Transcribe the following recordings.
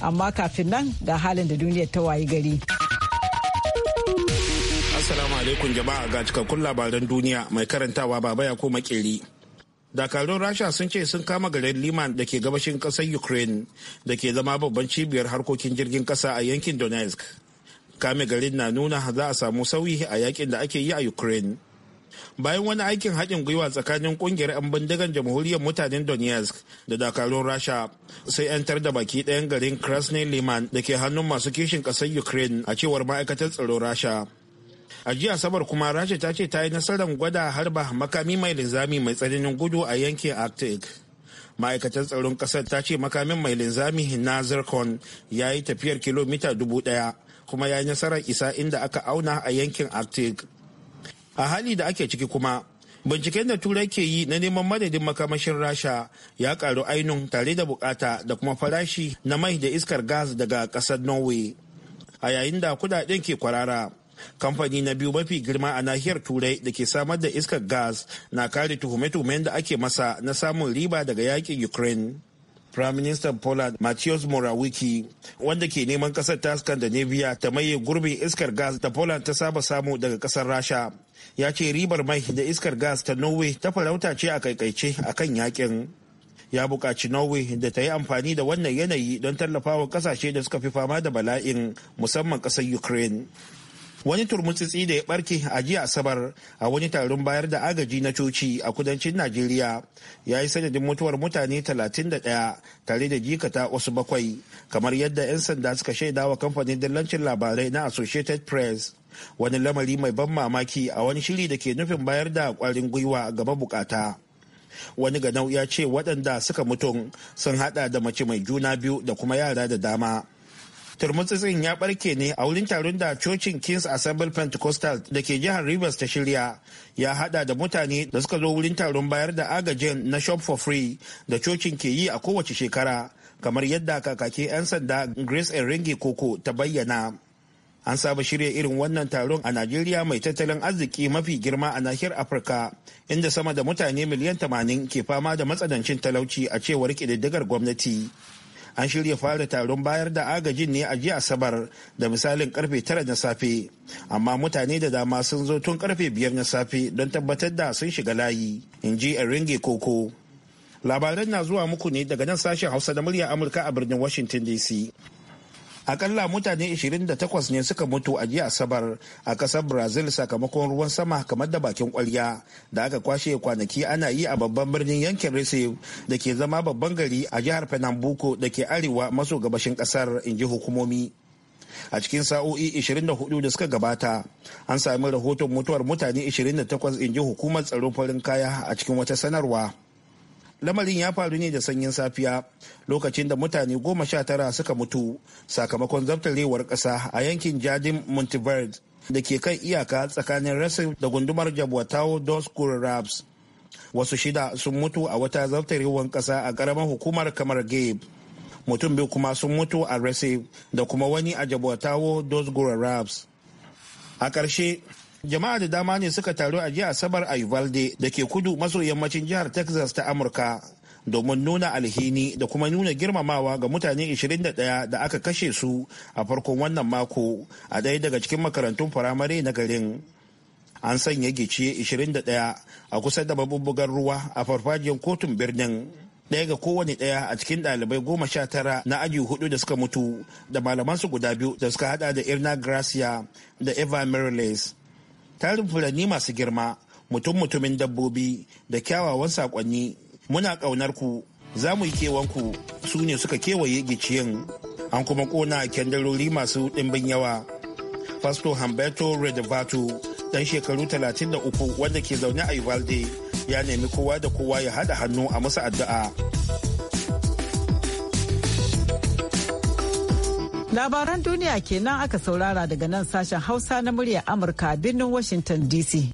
amma kafin nan ga halin da duniyar ta wayi gari. Assalamu alaikum jama'a ga cikakkun labaran duniya mai karantawa baba ya koma makeri. Dakarun Rasha sun ce sun kama garin Liman da ke gabashin ƙasar Ukraine da ke zama babban cibiyar harkokin jirgin ƙasa a yankin Donetsk. Kame garin na nuna za a samu sauyi a yakin da ake yi a Ukraine. bayan wani aikin haɗin gwiwa tsakanin ƙungiyar 'yan bindigan jamhuriyar mutanen donetsk da dakarun rasha sai 'yantar da baki ɗayan garin krasny liman da ke hannun masu kishin ƙasar ukraine a cewar ma'aikatar tsaron rasha a jiya asabar kuma rasha ta ce ta yi nasarar gwada harba makami mai linzami mai tsananin gudu a yankin arctic ma'aikatar tsaron ƙasar ta ce makamin mai linzami na zircon ya yi tafiyar kilomita dubu ɗaya kuma ya yi nasarar isa inda aka auna a yankin arctic a hali da ake ciki kuma binciken da turai ke yi na neman madadin makamashin rasha ya karu ainun tare da bukata da kuma farashi na mai da iskar gas daga kasar norway a yayin da kudaden ke kwarara kamfani na biyu mafi girma a nahiyar turai da ke samar da iskar gas na kare tuhume-tuhumen da ake masa na samun riba daga yakin ukraine Prime Minister Poland Matthias Morawiki wanda ke neman kasar ta Scandinavia ta maye gurbin iskar gas da Poland ta saba samu daga kasar Rasha. Ya ce ribar mai da iskar gas ta Norway ta farauta ce a kaikaice a kan yakin. Ya buƙaci Norway da ta yi amfani da wannan yanayi don tallafawa kasashe da suka fi fama da bala'in musamman ƙasar Ukraine. wani turmutsitsi da ya barke a jiya asabar a wani taron bayar da agaji na coci a kudancin najeriya ya yi sanadin mutuwar mutane 31 tare da jikata wasu bakwai kamar yadda 'yan sanda suka shaida wa kamfanin dillancin labarai na associated press wani lamari mai ban mamaki a wani shiri da ke nufin bayar da kwarin gwiwa gaba bukata wani ganau ya ce waɗanda suka mutum sun hada da mace mai juna biyu da kuma yara da dama turmutsitsin ya barke ne a wurin taron da cocin kings assemble pentecostal da ke jihar rivers ta shirya ya hada da mutane da suka zo wurin taron bayar da agajin na shop for free da cocin ke yi a kowace shekara kamar yadda kakaki 'yan sanda grace enringi koko ta bayyana an saba shirya irin wannan taron a najeriya mai tattalin arziki mafi girma a nahiyar afirka inda sama da mutane miliyan 80 ke fama da matsanancin talauci a cewar kididdigar gwamnati an shirya fara taron bayar da agajin ne a jiya asabar da misalin karfe 9 na safe amma mutane da dama sun zo tun karfe 5 na safe don tabbatar da sun shiga layi in ji ringe koko labaran na zuwa muku ne daga nan sashen hausa da murya amurka a birnin washington dc akalla mutane 28 ne suka mutu a jiya asabar a kasar brazil sakamakon ruwan sama kamar da bakin kwarya da aka kwashe kwanaki ana yi a babban birnin yankin rese da ke zama babban gari a jihar pernambuco da ke arewa maso gabashin kasar in ji hukumomi a cikin sa'o'i 24 da suka gabata an sami rahoton mutuwar mutane 28 in ji hukumar tsaron farin kaya a cikin wata sanarwa lamarin ya faru ne da sanyin safiya lokacin da mutane goma sha tara suka mutu sakamakon zartarewar ƙasa a yankin jadin montevideo da ke kan iyaka tsakanin rasin da gundumar jabwatawo dos raps wasu shida sun mutu a wata zartarewar ƙasa a karamar hukumar kamar gabe mutum biyu kuma sun mutu a rasin da kuma wani a jabwatawo dos raps a ƙarshe Jama'a da dama ne suka taru a jiya Asabar a Uvalde da ke kudu maso yammacin jihar Texas ta Amurka domin nuna alhini da kuma nuna girmamawa ga mutane 21 da aka kashe su a farkon wannan mako a ɗaya daga cikin makarantun firamare na garin. An sanya gicciye 21 a kusa da mabubbugar ruwa a farfajiyar kotun birnin. ɗaya ga kowane ɗaya a cikin ɗalibai goma sha tara na aji hudu da suka mutu da malamansu guda biyu da suka hada da irna gracia da eva merles tarin furanni masu girma mutum-mutumin dabbobi da kyawawan sakonni muna ƙaunar ku za mu yi kewanku su ne suka kewaye giciyin an kuma ƙona kyandarori masu ɗimbin yawa fasto hamberto redevato dan shekaru 33 wanda ke zaune a ivalde ya nemi kowa da kowa ya haɗa hannu a masa addu'a Labaran duniya kenan aka saurara daga nan sashen Hausa na muryar Amurka a birnin Washington DC.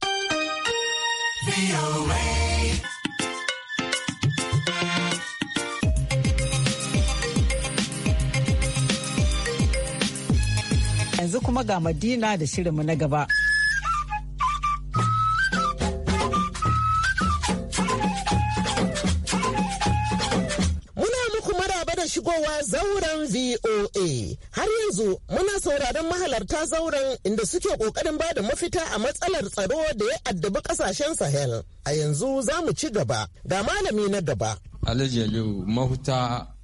Yanzu kuma ga Madina da shirinmu na gaba. shigowa zauren VOA. Har yanzu muna sauraron mahalarta zauren inda suke kokarin ba da mafita a matsalar tsaro da ya addabi kasashen Sahel. A yanzu za mu ci gaba da malami na gaba. Alhaji mahuta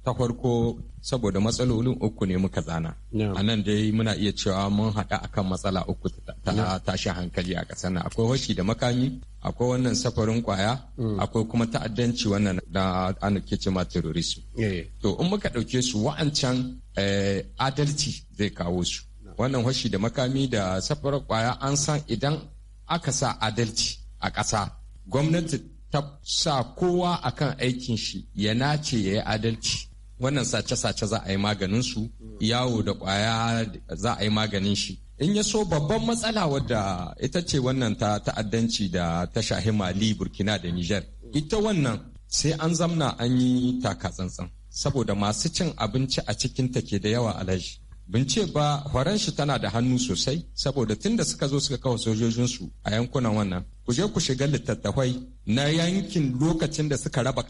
ta farko saboda matsalolin uku ne muka zana a nan dai muna iya cewa mun haɗa akan matsala uku ta tashi hankali a ƙasar nan akwai hoshi da makami akwai wannan safarin kwaya mm. akwai kuma ta'addanci wannan da ana ke ce ma terrorism to in muka ɗauke su wa'ancan eh, adalci zai kawo su wannan hoshi da makami da safarin kwaya an san idan aka sa adalci a ƙasa gwamnati ta sa kowa akan aikin shi ya nace ya yi adalci wannan sace-sace za a yi maganin su yawo da kwaya za a yi maganin shi in ya so babban matsala wadda ita ce wannan ta ta'addanci da ta shahi mali burkina da niger ita wannan sai an zamna an yi taka tsantsan saboda masu cin abinci a cikin ta ke da yawa a alaji bince ba horon shi tana da hannu sosai saboda tun da suka zo suka kawo sojojinsu a yankunan wannan ku je ku shiga littattafai na yankin lokacin da suka raba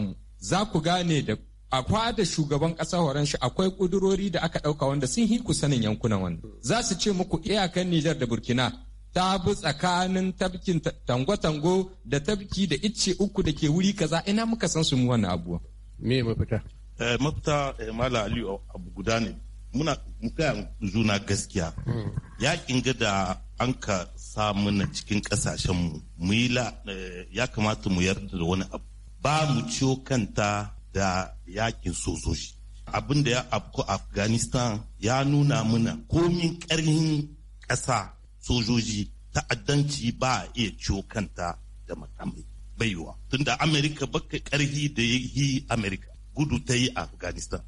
mu. za ku gane da a kwada shugaban kasa horon shi akwai kudurori da aka ɗauka wanda sun hiku sanin yankunan wani za su ce muku iyakan nijar da burkina ta bi tsakanin tabkin tango-tango da tabki da icce uku da ke wuri kaza ina muka san su mu wannan abuwa. me mafita eh, mafita eh, mala ali abu guda ne muna muka juna gaskiya hmm. ya kinga da an ka sa mana cikin kasashen mu mu yi eh, ya kamata mu yarda da wani abu ba mu ciwo kanta da yakin sojoji abin da ya afku afghanistan ya nuna mana komin karhin ƙasa sojoji ta'addanci ba a iya ciwo kanta da makamai baiwa tunda amerika baka karhi da ya yi amerika gudu ta yi afghanistan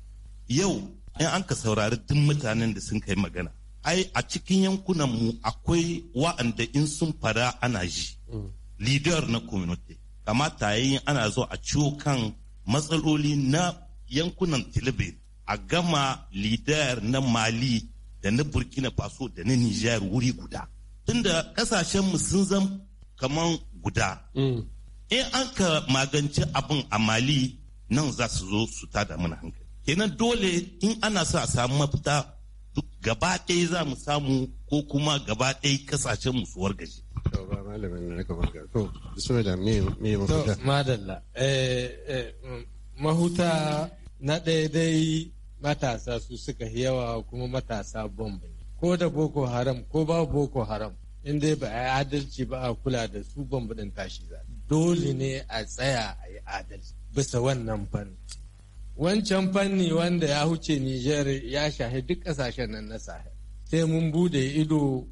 yau in an ka saurari duk mutanen da sun kai magana ai a cikin yankunan mu akwai wa'anda in sun fara ana ji mm. leader na community kamata yayin ana zo a ciwo kan matsaloli na yankunan tilibin a gama lidar na mali da na burkina faso da na nijar wuri guda tunda kasashenmu sun zam kaman guda mm. in an ka magance abin a mali nan za su zo su da muna hankali kenan dole in ana sa a samu mafita gaba ɗaya za mu samu ko kuma gaba ɗaya kasashen mu su wargaje malamin na to mafuta mahuta na daidai matasa su suka yawa kuma matasa bombay ko da boko haram ko ba boko haram in dai ba a yi adalci ba a kula da su bomba din tashi za dole ne a tsaya a yi adalci bisa wannan fanni wancan fanni wanda ya huce Nijar ya shahi duk ƙasashen nan na sahel sai mun bude ido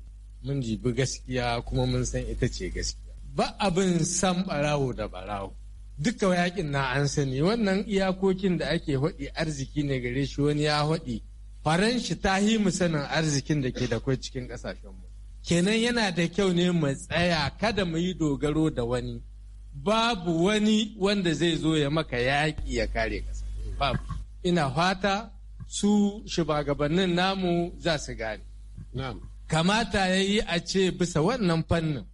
mun jibi gaskiya kuma mun san ita ce gaskiya ba abin san barawo da barawo duka yakin na an sani wannan iyakokin da ake haɗi arziki ne gare shi wani ya haɗi faranshi ta yi sanin arzikin da ke da kwai cikin ƙasashen mu. kenan yana da kyau ne mu tsaya kada mu yi dogaro da wani babu wani wanda zai zo ya maka yaƙi ya kare ƙasa babu ina fata su shugabannin namu za su gane kamata ya yi a ce bisa wannan fannin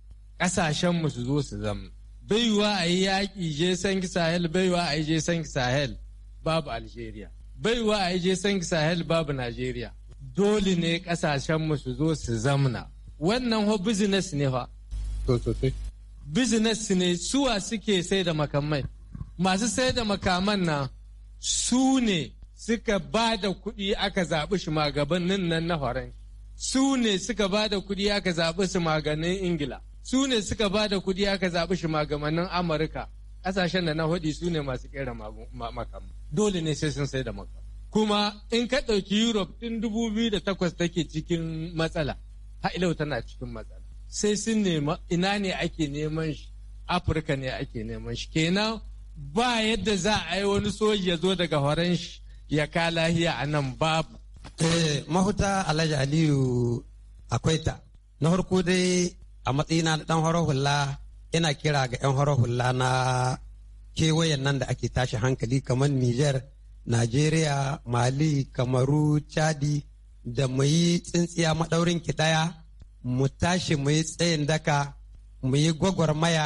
ƙasashenmu su zo su zama baiwa a yi yaƙi je sanki sahel baiwa a yi je sanki sahel babu algeria baiwa a yi je sanki sahel babu nigeria dole ne ƙasashenmu su zo su zamna wannan ho business ne fa business ne suwa suke sai da makamai masu sai da makaman na su ne suka ba da kuɗi aka zaɓi shi magabannin nan na faransa. su ne suka ba da kudi aka zaɓi su maganin ingila su ne suka ba da kudi aka zaɓi shi maganin amurka ƙasashen da na hudi su ne masu kera makam dole ne sai sun sai da makam kuma in ka ɗauki europe ɗin takwas take cikin matsala ha'ilau tana cikin matsala sai sun nema ina ne ake neman shi afirka ne ake neman shi kenan ba yadda za a yi wani soji ya zo daga horon shi ya ka lahiya a nan babu Eh, mahuta Alhaji Aliyu akwai ta. Na farko dai a matsayina na ɗan horo hula ina kira ga 'yan horo hula na kewayen nan da ake tashi hankali kamar Nijar, Najeriya, Mali, Kamaru, Chadi da mu yi tsintsiya maɗaurin kiɗaya, mu tashi mu yi tsayin daka, mu yi gwagwarmaya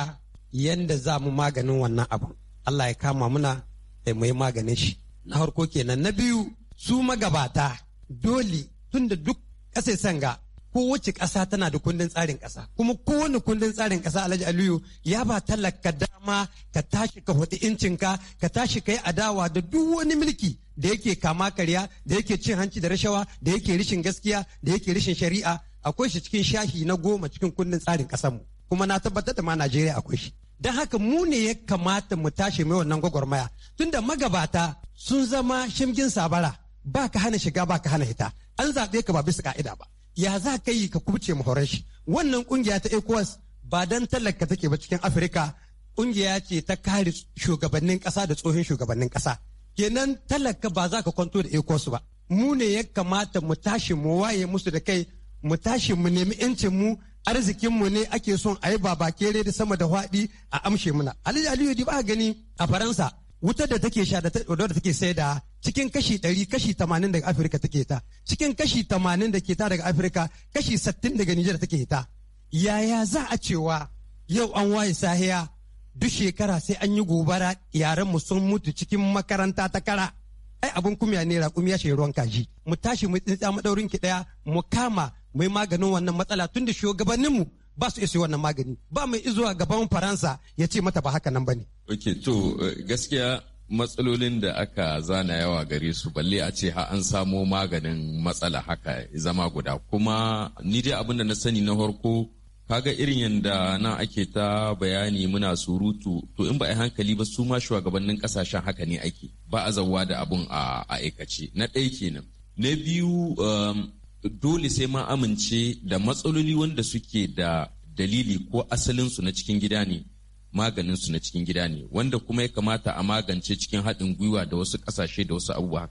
yadda za mu maganin wannan abu. Allah ya kama muna, mu yi maganin shi. Na harko kenan na biyu su magabata dole da duk Sanga ko kowace ƙasa tana da kundin tsarin ƙasa kuma kowane kundin tsarin ƙasa alhaji aliyu ya ba talaka dama ka tashi ka hudu incinka ka tashi ka yi adawa da duk wani mulki da yake kama karya da yake cin hanci da rashawa da yake rishin gaskiya da yake rishin shari'a akwai shi cikin shahi na goma cikin kundin tsarin ƙasanmu. kuma na tabbatar da ma najeriya akwai shi don haka mu ne ya kamata mu tashi mai wannan gwagwarmaya tunda magabata sun zama shimgin sabara ba ka hana shiga ba ka hana hita an zaɓe ka ba bisa ka'ida ba ya za ka yi ka kubce mahoran shi wannan kungiya ta ecowas ba dan talaka take ba cikin afirka kungiya ce ta kare shugabannin ƙasa da tsohon shugabannin ƙasa kenan talaka ba za ka kwanto da ecowas ba mu ne ya kamata mu tashi mu waye musu da kai mu tashi mu nemi yancin mu arzikinmu ne ake son a yi babakere da sama da hwaɗi a amshe muna aliyu aliyu di ba gani a faransa wutar da take sha da take sai da cikin kashi ɗari kashi tamanin daga afirka take ta cikin kashi tamanin da ke ta daga afirka kashi sattin daga nijar take ta yaya za a cewa yau an waye sahiya duk shekara sai an yi gobara yaren mu sun mutu cikin makaranta ta kara ai abun kumya ne raƙumi ya ruwan kaji mu tashi mu tsintsa madaurin ki ɗaya mu kama mai maganin wannan matsala tun da shugabanninmu ba su isa wannan magani ba mai izuwa gaban faransa ya ce mata ba haka nan ba ne. to eh, gaskiya matsalolin da aka zana yawa gare su balle a ce ha an samo maganin matsala haka zama guda kuma ni dai abin da na sani na farko kaga irin yadda na ake ta bayani muna surutu to in ba a hankali ba su ma shugabannin kasashen haka ne ake ba a zawa da abun a aikace na ɗaya kenan na biyu um, dole sai ma amince da matsaloli wanda suke da dalili ko asalinsu na cikin gida ne maganin su na cikin gida ne wanda kuma ya kamata a magance cikin haɗin gwiwa da wasu ƙasashe da wasu abubuwa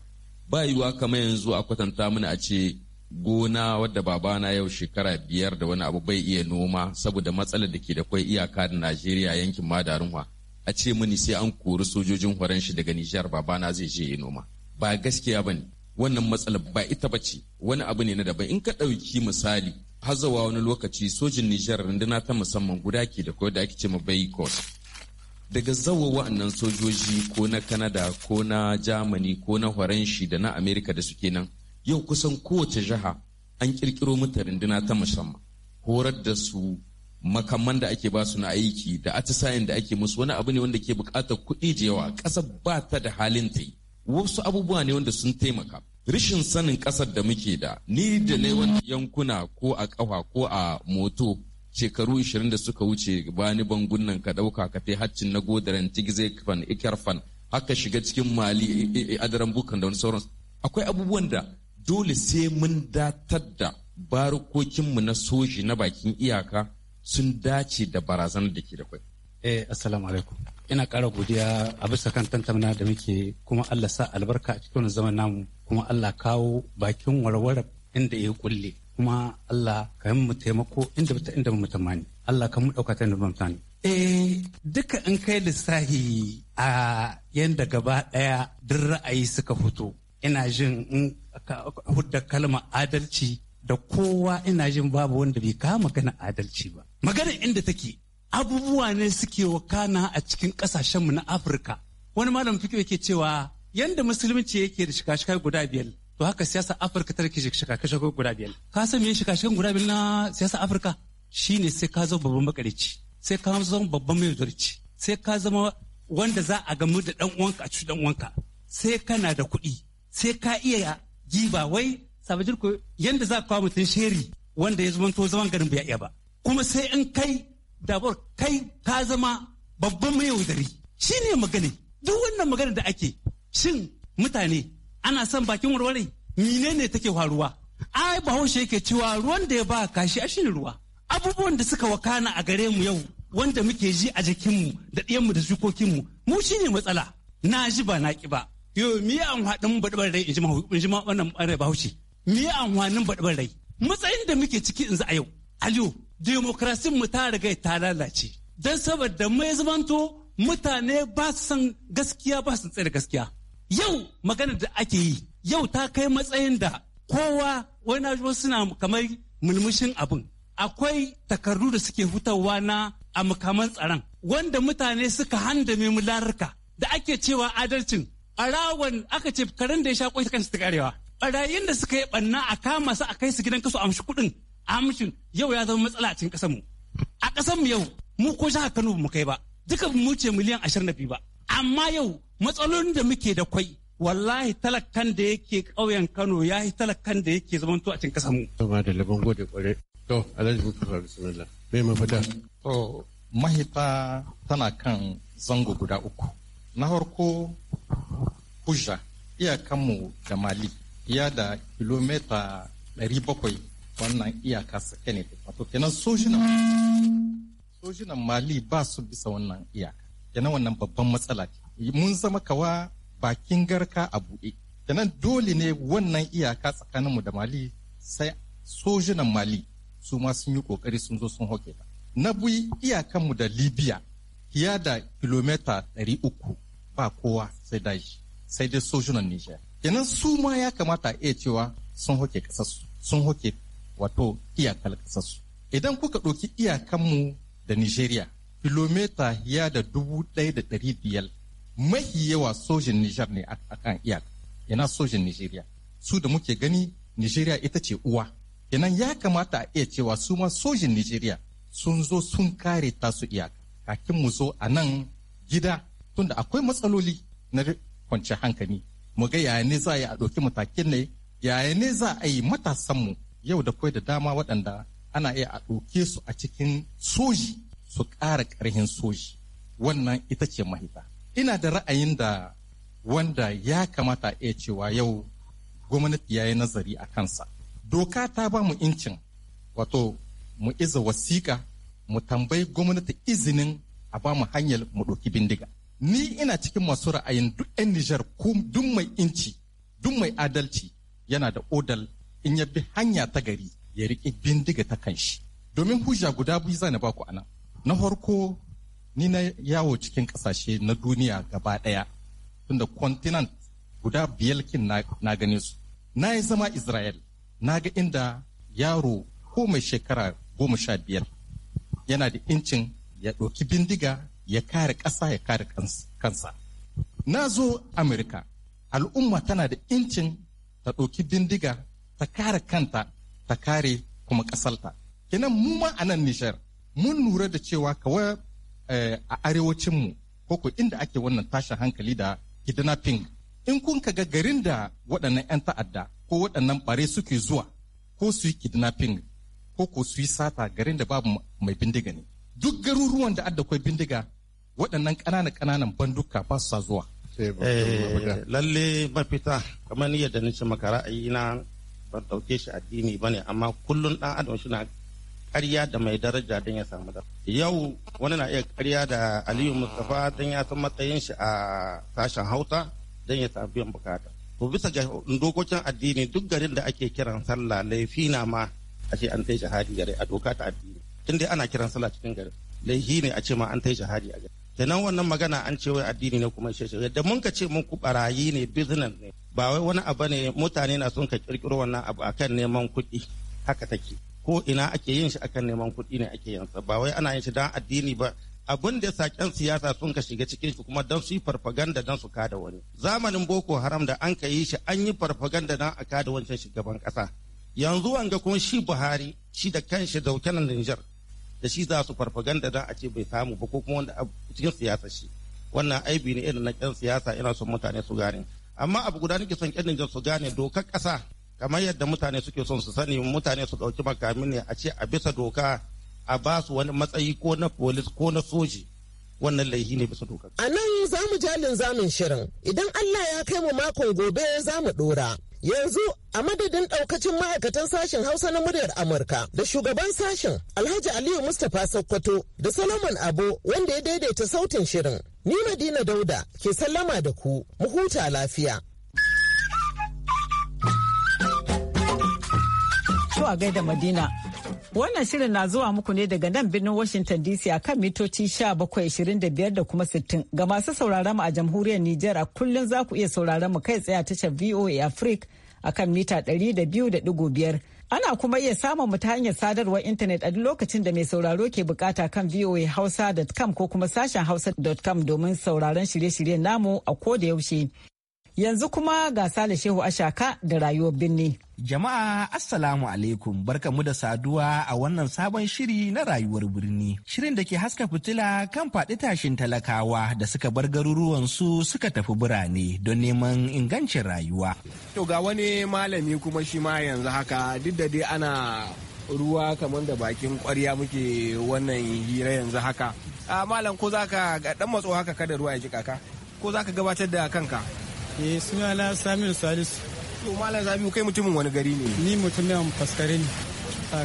ba yiwuwa kamar yanzu a kwatanta mana a ce gona wadda babana yau shekara biyar da wani abu bai iya noma saboda matsalar da ke da kwai iyaka da najeriya yankin madarunwa a ce mini sai an kori sojojin horon shi daga nijar babana zai je ya noma ba gaskiya ba ne wannan matsalar ba ita ba ce wani abu ne na daban in ka ɗauki misali har wani lokaci sojin Nijar runduna ta musamman guda ke da koyar da ake ce ma Baycott. Daga zawa wa'annan sojoji ko na Kanada ko na Germany ko na Faranshi da na Amerika da suke nan yau kusan kowace jiha an kirkiro mata runduna ta musamman horar da su makamman da ake basu na aiki da atisayen da ake musu wani abu ne wanda ke bukatar kuɗi da yawa ƙasa ba ta da halin ta yi wasu abubuwa ne wanda sun taimaka Rishin sanin ƙasar da muke da, ni da ne yankuna ko a ƙafa ko a moto shekaru 20 da suka wuce bani bangun nan ka ɗauka ka haccin na godaren tigze fan ikarfan haka shiga cikin mali eh, eh, eh, adaran bukan da wani sauran akwai abubuwan da dole sai mun datar da barukokinmu na soji na bakin iyaka sun dace da barazanar da ke da kwai. Eh, assalamu alaikum. ina ƙara godiya a bisa kan tantamna da muke kuma Allah sa albarka a cikin zaman namu kuma Allah kawo bakin warware inda ya kulle kuma Allah ka yi mu taimako inda bata inda mu tamani Allah ka mu dauka ta mu eh duka in kai lissahi a yanda gaba daya duk ra'ayi suka fito ina jin in hudda kalma adalci da kowa ina jin babu wanda bai kama magana adalci ba magana inda take abubuwa ne suke wakana a cikin kasashenmu na afirka wani malam fiƙo yake cewa yanda musulunci yake da shika-shikai guda biyar to haka siyasa afirka tare ke shika guda biyar ka san me shika-shikan guda biyar na siyasa afirka shine sai ka zama babban makarici sai ka zo babban mai zurci sai ka zama wanda za a gamu da dan uwanka a cikin dan uwanka sai kana da kuɗi sai ka iya giba wai sabajin ko yanda za ka kawo mutum sheri wanda ya zama to zaman garin bai iya ba kuma sai in kai dabar kai ka zama babban mai yaudari shi ne magana duk wannan magana da ake shin mutane ana son bakin warware mine ne take faruwa ai bahaushe yake cewa ruwan da ya ba kashi a shine ruwa abubuwan da suka wakana a gare mu yau wanda muke ji a jikinmu da ɗiyanmu da jikokinmu mu shi ne matsala na ji ba na ƙi ba yo mi ya mu baɗi rai in ji wannan ɓarai bahaushe mi ya amfanin baɗi rai matsayin da muke ciki in za a yau aliyu demokrasin mu ta riga ta lalace don saboda mai zamanto mutane ba su san gaskiya ba su tsaye gaskiya yau magana da ake yi yau ta kai matsayin da kowa wani suna kamar mulmushin abin akwai takardu da suke hutawa na a makaman tsaron wanda mutane suka handame mu larurka da ake cewa adalcin rawan aka ce karen da ya sha kwai kansu ta karewa ɓarayin da suka yi ɓanna a kama su a kai su gidan kasu amshi kuɗin amshin yau ya zama matsala a cikin ƙasar mu a ƙasar mu yau mu ko jihar Kano mu kai ba duka mu ce miliyan ashirin na biyu ba amma yau matsalolin da muke da kwai wallahi talakan da yake ƙauyen Kano ya yi talakan da yake zamanto a cikin ƙasar mu. Sama da laban gode kware. To Alhaji Bukar Bismillah. Me mafita? To mahita tana kan zango guda uku. Na farko iya kanmu da Mali ya da kilomita 700 wannan iyaka sake ne wato kenan sojinan sojinan mali ba su bisa wannan iyaka kenan wannan babban matsala ce mun zama kawa bakin garka a buɗe kenan dole ne wannan iyaka tsakaninmu da mali sai sojinan mali su ma sun yi kokari sun zo sun hoke ta na bui iyakanmu da libya ya da kilomita 300 ba kowa sai daji sai dai sojinan niger kenan su ma ya kamata iya cewa sun hoke kasarsu sun hoke wato iyakar ƙasarsu. Idan kuka ɗauki iyakanmu da Nijeriya, kilomita ya da dubu ɗaya da ɗari biyar mahi yawa sojin Nijar ne a kan iyaka. Ina sojin Nijeriya. Su da muke gani Nijeriya ita ce uwa. Kenan ya kamata a iya cewa su ma sojin Nijeriya sun zo sun kare tasu iyaka. Kakin mu zo a nan gida tunda akwai matsaloli na kwanci hankali. Mu ga yaya ne za a yi a ɗauki matakin ne, yaya ne za a yi matasanmu yau da kwai da dama waɗanda ana iya a ɗauke su a cikin soji su ƙara ƙarhin soji wannan ita ce mahita ina da ra'ayin da wanda ya kamata iya cewa yau gwamnati ya yi nazari a kansa doka ta ba mu incin wato mu iza wasiƙa mu tambayi gwamnati izinin a ba mu hanyar mu ɗauki bindiga ni ina cikin masu ra'ayin duk 'yan nijar duk mai inci duk mai adalci yana da odal in ya bi hanya ta gari ya riƙe bindiga ta kan shi domin hujja guda biyu zan ba ku nan. na farko ni na yawo cikin ƙasashe na duniya gaba ɗaya tunda continent guda biyar kin na gane su na yi zama israel na ga inda yaro ko mai shekara goma sha biyar yana da incin ya ɗauki bindiga ya kare ƙasa ya kare kansa na zo amurka al'umma tana da incin ta ɗauki bindiga ta kare kanta ta kare kuma ƙasarta kenan mu ma a nan Nijar mun lura da cewa kawai eh, a arewacin mu ko inda ake wannan tashin hankali da kidnapping in kun ga garin da waɗannan 'yan ta'adda ko waɗannan ɓare suke zuwa ko su yi kidnapping ko ko su yi sata garin da babu mai bindiga ne duk garuruwan da adda bindiga waɗannan ƙananan ƙananan banduka ba su sa zuwa eh, lalle mafita kamar yadda ce maka ra'ayi na ban ɗauke shi addini ba ne amma kullum ɗan adam shi na ƙarya da mai daraja don ya samu da yau wani na iya ƙarya da aliyu mustapha don ya san matsayin shi a sashen hauta don ya samu biyan bukata to bisa ga dokokin addini duk garin da ake kiran sallah laifi na ma a ce an tai shahadi gare a doka ta addini tun dai ana kiran sallah cikin garin laifi ne a ce ma an tai shahadi a gare kenan wannan magana an ce wai addini ne kuma shi da mun ka ce mun ku barayi ne business ne ba wai wani abu ne mutane na son ka kirkiro wannan abu akan neman kuɗi haka take ko ina ake yin shi akan neman kuɗi ne ake yin ba wai ana yin shi don addini ba abin da saƙen siyasa sun ka shiga cikin shi kuma don su yi farfaganda don su kada wani zamanin boko haram da an ka yi shi an yi farfaganda don a kada wancan shugaban ƙasa yanzu wanga kuma shi buhari shi da kanshi Dauke na niger da shi za su farfaganda don a ce bai samu ba ko kuma wanda cikin siyasa shi wannan aibi ne irin na ƙyan siyasa ina son mutane su gane amma abu guda nake son yan Nijar su gane dokar kasa kamar yadda mutane suke son su sani mutane su dauki makami ne a ce a bisa doka a ba su wani matsayi ko na polis ko na soji wannan laihi ne bisa doka. A nan za mu jalin zamin shirin idan Allah ya kai mu makon gobe za mu ɗora. Yanzu a madadin ɗaukacin ma'aikatan sashen Hausa na muryar Amurka da shugaban sashen Alhaji Aliyu Mustapha Sokoto da Solomon Abo wanda ya daidaita sautin shirin. Ni Madina Dauda ke sallama da ku, mu huta lafiya. gai gaida Madina. Wannan shirin na zuwa muku ne daga nan birnin Washington DC a kan mitoci 1725 da kuma sittin ga masu sauraron mu a jamhuriyar Nijar a kullum za ku iya sauraron mu kai tsaye a tashar VOA Africa a kan mita biyar. Ana kuma iya samun mu ta hanyar sadarwar intanet a duk lokacin da mai sauraro ke bukata kan voahausa.com ko kuma sashen hausa.com domin sauraron shirye-shiryen namu a ko da yaushe. Yanzu kuma ga Sale Shehu Ashaka da rayuwar binni. Jama'a Assalamu alaikum barkamu da saduwa a wannan sabon shiri na rayuwar birni. Shirin da ke haska fitila kan faɗi tashin talakawa da suka bar garuruwansu suka tafi birane don neman ingancin rayuwa. To ga wani malami kuma shi ma yanzu haka duk da dai ana ruwa kamar da bakin kwarya muke wannan hira yanzu haka. A ah, malam ko za ka ɗan matso haka kada ruwa ya ji kaka ko za gabatar da kanka. e eh, suna na Saminu Salisu. To Malam zabi kai mutumin wani gari ne? Ni mutumin faskare ne.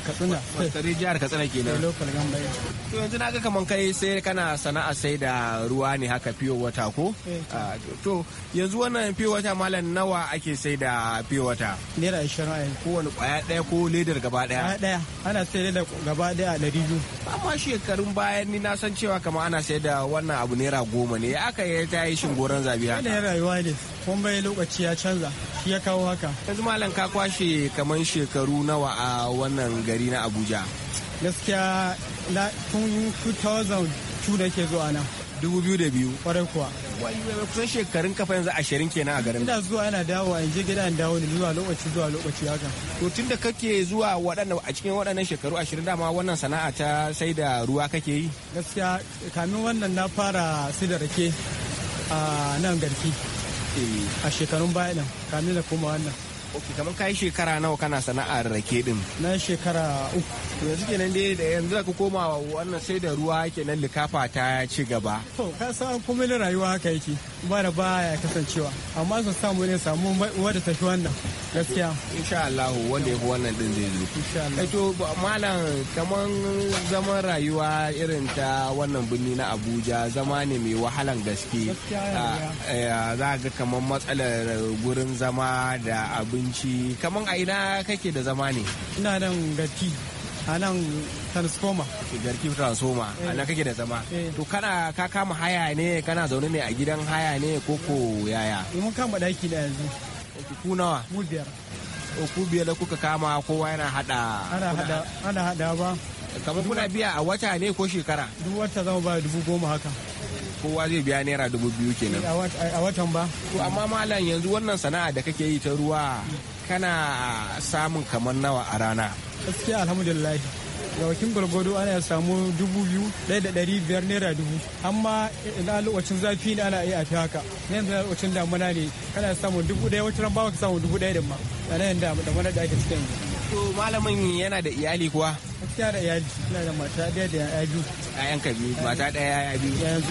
katsina kwastare jihar katsina kenan eh, local gamba to yanzu na ga kaman kai sai kana sana'a sai da ruwa ne haka fiyo wata ko eh. ah, to yanzu wannan fiyo wata malam nawa ake sai da fiyo wata naira 20 a yanzu kowane kwaya daya ko ledar gaba daya kwaya daya ana sai da gaba daya a biyu. amma shekarun bayan ni na san cewa kamar ana sai da wannan abu naira goma ne aka yi ta yi shingoran zabi haka ne rayuwa ne kuma bai lokaci ya canza shi ya kawo haka yanzu malam ka kwashe kaman shekaru nawa a wannan gari na abuja gaskiya tun 2002 nake zuwa nan 2002 kwarai kuwa kusan shekarun kafa yanzu ashirin kenan a garin ina zuwa yana dawowa in je gida in dawo ne zuwa lokaci zuwa lokaci haka to tun da kake zuwa waɗanda a cikin waɗannan shekaru ashirin dama wannan sana'a ta sai da ruwa kake yi gaskiya kamin wannan na fara sai da rake a nan garki eh. a shekarun baya nan kamin da koma wannan ok kamar kayi shekara nawa kana sana'ar rake din na shekara uku to yanzu kenan dai da yanzu ka koma wannan sai da ruwa kenan likafa ta ci gaba to ka san komai rayuwa haka yake bara baya kasancewa amma su samu ne samu wadda tafi wannan gaskiya insha Allah wanda yafi wannan din zai zo insha Allah eh, to malam kaman zaman rayuwa irin ta wannan birni na Abuja zama ne mai wahalan gaske ah, eh, za ga kaman matsalar gurin zama da abinci kaman a ina kake da zama ne ina nan gati a nan transformer garki transformer a nan kake da zama eh. to kana ka kama haya ne kana zaune ne a gidan haya ne ko ko yaya eh, mun kama daki da yanzu ku nawa mu biyar ku biyar da kuka kama kowa yana hada ana hada ba kamar kuna biya a wata ne ko shekara duk wata zama ba dubu goma haka kowa zai biya naira dubu biyu kenan a watan ba amma malam yanzu wannan sana'a da kake yi ta ruwa kana samun kamar nawa a rana gaskiya alhamdulillah ga wakin gwargwado ana ya samu dubu biyu ɗaya da ɗari biyar naira dubu amma ina lokacin zafi ne ana iya a fi haka yanzu na lokacin damuna ne kana samun dubu ɗaya wata ran bawa ka samu dubu ɗaya da ma a nan da damuna da ake cikin to malamin yana da iyali kuwa gaskiya da iyali ina da mata ɗaya da ya biyu ƴaƴan kabi ba mata ɗaya ya biyu ya a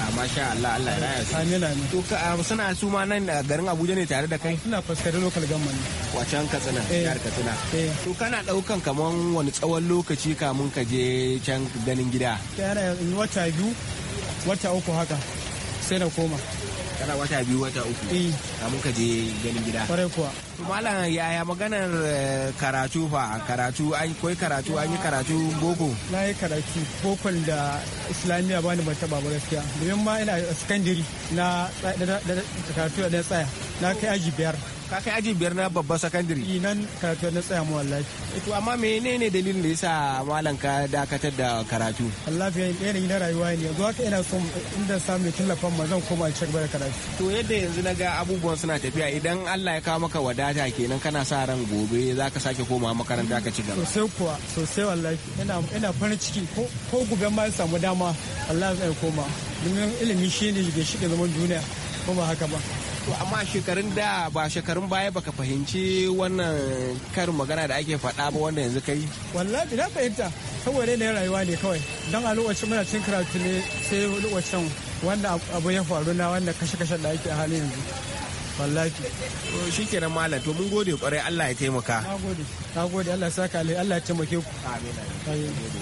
ah, masha Allah Allah ya sa amin amin to ka ah, suna su ma nan ah, garin Abuja ne tare da kai suna fuskar local government wacan Katsina eh. jihar Katsina eh. to kana daukan kaman wani tsawon lokaci kamun ka je can ganin gida yana wata biyu wata uku haka sai na koma kana wata biyu wata uku eh. kamun ka je ganin gida kwarai kuwa malam yaya maganar eh, karatu fa karatu an koi karatu an yi karatu boko na yi karatu boko da islamiyya bani ban taba ba gaskiya domin ma ina secondary na karatu da na tsaya na kai aji biyar ka kai aji biyar na babban sakandare nan karatu na tsaya mu wallahi eh, to amma menene dalilin da yasa malam ka dakatar da karatu wallahi yanayi na rayuwa ne yanzu haka ina son inda samu tallafin ma zan koma cikin gaba karatu to yadda yanzu na ga abubuwan suna tafiya idan Allah ya kawo maka wadata kenan kana sa ran gobe za ka sake koma makaranta ka ci gaba sosai kuwa sosai wallahi ina ina farin ciki ko gobe ma samu dama Allah zai koma domin ilimi shi ne shi ke zaman duniya kuma haka ba to amma shekarun da ba shekarun baya baka fahimci wannan karin magana da ake faɗa ba wanda yanzu kai wallahi na fahimta saboda ne rayuwa ne kawai don a lokacin muna cin karatu ne sai lokacin wanda abu ya faru na wanda kashe-kashen da ake a halin yanzu wallahi to shikenan malam to mun gode kwarai Allah ya taimaka na gode Allah ya saka alai Allah ya taimake ku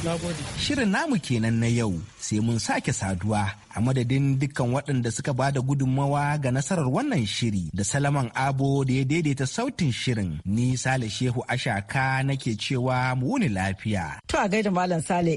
na gode shirin namu kenan na yau sai mun sake saduwa a madadin dukkan waɗanda suka ba da gudunmawa ga nasarar wannan shiri da Salaman Abo da ya daidaita sautin shirin ni Sale Shehu Ashaka nake cewa mu wuni lafiya to a gaida malam Sale